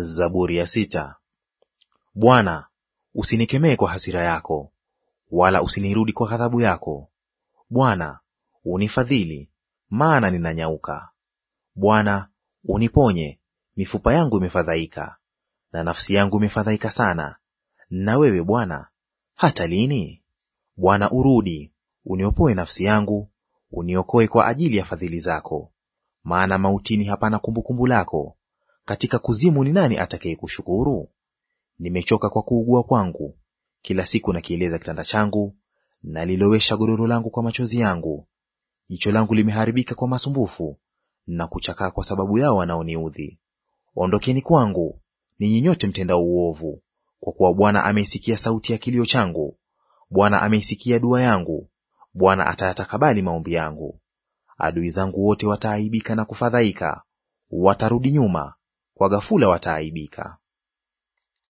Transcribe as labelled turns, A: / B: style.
A: Zaburi ya sita. Bwana, usinikemee kwa hasira yako, wala usinirudi kwa ghadhabu yako. Bwana, unifadhili, maana ninanyauka. Bwana, uniponye, mifupa yangu imefadhaika, na nafsi yangu imefadhaika sana. Na wewe Bwana, hata lini? Bwana, urudi, uniopoe nafsi yangu, uniokoe kwa ajili ya fadhili zako. Maana mautini hapana kumbukumbu lako, katika kuzimu ni nani atakayekushukuru? Nimechoka kwa kuugua kwangu, kila siku nakieleza kitanda changu, nalilowesha godoro langu kwa machozi yangu. Jicho langu limeharibika kwa masumbufu na kuchakaa kwa sababu yao wanaoniudhi. Ondokeni kwangu, ninyi nyote mtenda uovu, kwa kuwa Bwana ameisikia sauti ya kilio changu, Bwana ameisikia dua yangu, Bwana atayatakabali maombi yangu. Adui zangu wote wataaibika na kufadhaika, watarudi nyuma kwa ghafula
B: wataaibika.